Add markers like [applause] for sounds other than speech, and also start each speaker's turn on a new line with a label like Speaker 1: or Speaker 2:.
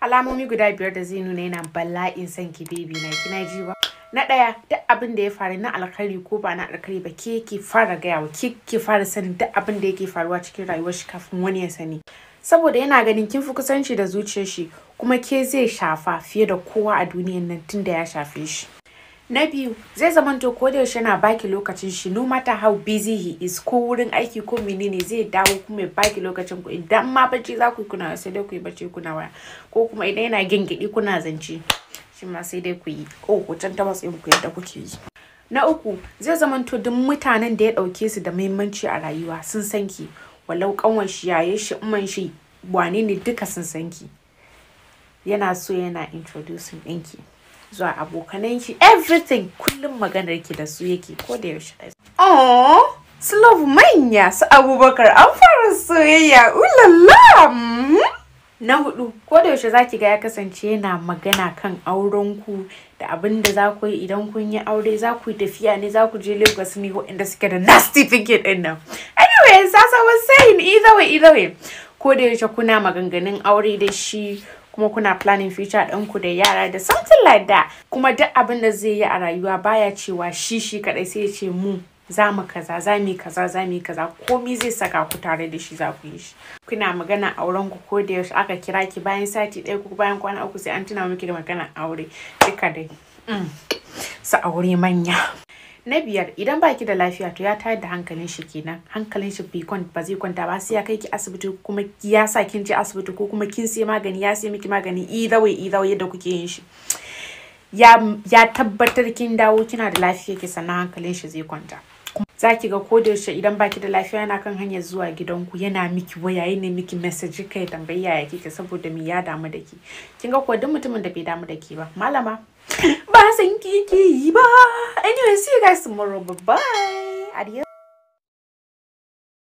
Speaker 1: alamomi guda biyar da zai nuna yana bala'in san ki baby na na ji ba na ɗaya duk abin da ya faru na alkhari ko ba na alkhari ba ke ki fara gaya yawa ke ki fara sanin duk abin da yake faruwa cikin rayuwar shi kafin wani ya sani saboda yana ganin kin fi kusanci da zuciyar shi kuma ke zai shafa fiye da kowa a duniyan nan tunda ya shafe shi Na biyu, zai zamanto ko da yaushe yana baki lokacin shi no matter how busy he is ko wurin aiki ko menene zai dawo kuma ya baki lokacin ku idan ma bacci za ku yi kuna sai dai ku yi bacci kuna waya ko kuma idan yana gingidi kuna zance shi ma sai dai ku yi ko ku tanta ta yin ku yadda kuke yi. Na uku, zai zamanto duk mutanen da ya dauke su da muhimmanci a rayuwa sun san ki walau kanwan shi yaye shi umman shi wane ne duka sun san ki. Yana so yana introducing ɗinki. zuwa abokanan shi everything kullum maganar ki da su yake ko da yaushe oh su manya su abubakar an fara soyayya ulala mm-hmm. na hudu ko da yaushe zaki ga ya kasance yana magana kan auren ku da abin da za ku yi idan kun yi aure za ku yi tafiya ne za ku je Lagos ne inda suke da nasty thinking din nan anyway sasa was saying either way either way ko da yaushe kuna maganganun aure da shi kuma kuna planning future ɗinku da yara da something like that kuma duk abin da zai yi a rayuwa baya cewa shi shi kaɗai sai ya ce mu za mu kaza za mu kaza za mu kaza komi zai saka ku tare da shi za ku yi shi kuna magana auren ku ko da yaushe aka kira ki bayan sati ɗaya ko bayan kwana uku sai an tuna miki da magana aure duka dai mm. su aure manya na biyar idan baki da lafiya to ya tayar da hankalin shi kenan hankalin shi ba zai kwanta ba sai ya kai ki asibiti kuma ya sa kin je asibiti ko kuma kin sai magani ya sai miki magani either way either way yadda kuke yin shi ya tabbatar kin dawo kina da lafiya ki sannan hankalin shi zai kwanta za ki ga kodayaushe idan baki da lafiya yana kan hanyar zuwa gidan ku yana miki waya yana miki message kai tambayi yaya kike saboda me ya damu da ki kin ga ko duk mutumin da bai damu da ki ba malama [laughs] ba san kiki yi ba anyway see you guys tomorrow bye bye adios